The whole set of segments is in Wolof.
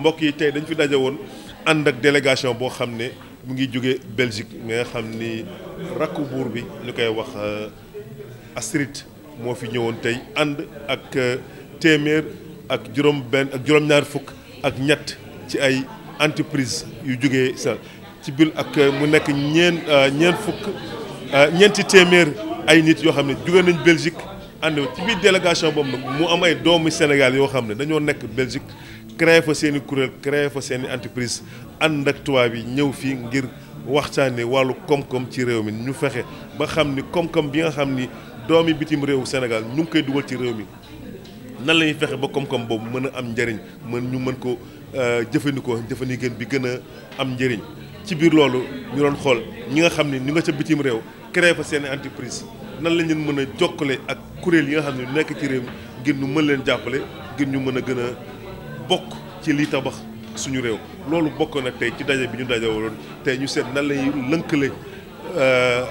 mbokk yi tey dañ fi daje woon ànd ak délégation boo xam ne mu ngi jóge Belgique mi nga xam ni rakku buur bi ñu koy wax euh, Astrid moo fi ñëwoon tey ànd ak euh, téeméer ak juróom benn ak juróom-ñaar fukk ak ñett ci ay entreprise yu jóge sa ci biir ak euh, mu nekk ñeen ñeen fukk ñeenti téeméer ay nit yoo xam ne jóge nañ Belgique ànd ci biir délégation boobu nag mu am ay doomu Sénégal yoo xam ne dañoo nekk Belgique créé fa seeni i kuréel créé fa seeni i entreprise ànd ak tubaab yi ñëw fii ngir waxtaanee wàllu koom-koom ci réew mi ñu fexe ba xam ni koom-koom bi nga xam ni doomi bitim réewu Sénégal ñu ngi koy dugal ci réew mi nan la ñuy fexe ba koom-koom boobu mën a am njëriñ mën ñu mën ko euh, jëfandikoo jëfandikoo bi gën a am njëriñ ci biir loolu ñu doon xool ñi nga xam ni ñu nga ca bitim réew créé fa seen i entreprise nan la mën a jokkale ak. kuréel yi nga xam ne nekk ci réew ngir ñu mën leen jàppale ngir ñu mën a gën a bokk ci lii tabax suñu réew loolu bokkoon na tey ci daje bi ñu daje woon tey ñu seet nan lay lënkale euh,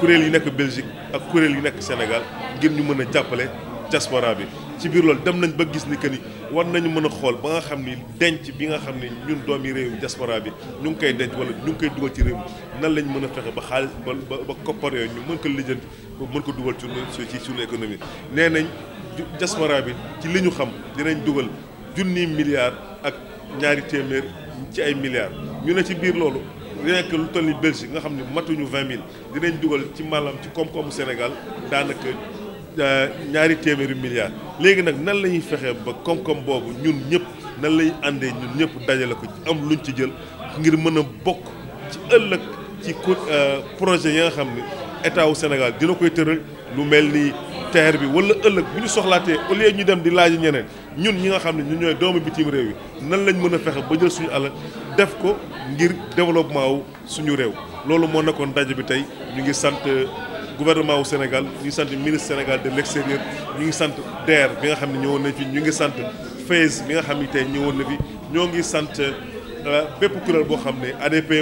kuréel yi nekk Belgique ak kuréel yi nekk Sénégal ngir ñu mën a jàppale diaspora bi ci biir loolu dem nañ ba gis ni que ni war nañu mën a xool ba nga xam ni denc bi nga xam ne ñun doomi réew diaspora bi ñu ngi koy denc wala ñu ngi koy dugal ci réew nan lañ mën a fexe ba xaalis ba ba koppar yooyu ñu mën ko lijjanti mën ko dugal ci ci suñu économie nee nañ diaspora bi ci li ñu xam dinañ dugal junni milliards ak ñaari téeméer ci ay milliards ñu ne ci biir loolu rien lu toll ni Belgique nga xam ne matuñu vingt mille dinañ dugal ci maanaam ci koom-koomu Sénégal daanaka Euh, ñaari téeméeri milliards léegi nag nan la ñuy fexee ba koom-koom boobu ñun ñëpp nan la àndee ñun ñëpp dajale ko ci am luñ ci jël ngir mën a bokk ci ëllëg ci co euh, projet yi nga xam ne état wu Sénégal dina koy tëral lu mel ni TER bi wala ëllëg bu ñu soxlaatee au lieu ñu dem di laaj ñeneen ñun ñi nga xam ne ñu ñooy doomu bitim réew yi nan lañ mën a fexe ba jël suñu alal def ko ngir développement wu suñu réew loolu moo nekkoon ndaje bi tey ñu ngi sant. gouvernement wu Sénégal ñu ngi sant ministre Sénégal de l'extérieur ñu ngi sant DER bi nga xam ne ñëwoon na fi ñu ngi sant FAISE bi nga xam ne tey ñëwoon ñoo ngi sant euh, bépp kuréel boo xam ne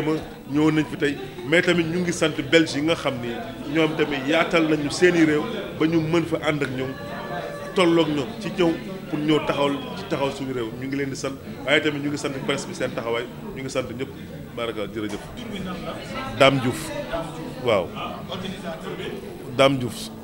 ma ñëwoon nañ fi tey mais tamit ñu ngi sant belge yi nga xam ni ñoom tamit yaatal nañu seeni réew ba ñu mën fa ànd ak ñoom tollook ñoom ci ñëw pour ñëw taxawal ci taxaw suñu réew ñu ngi leen di sant waaye tamit ñu ngi sant presse bi seen taxawaay ñu ngi sant ñëpp baraka jërëjëf Dame waaw Dame Diouf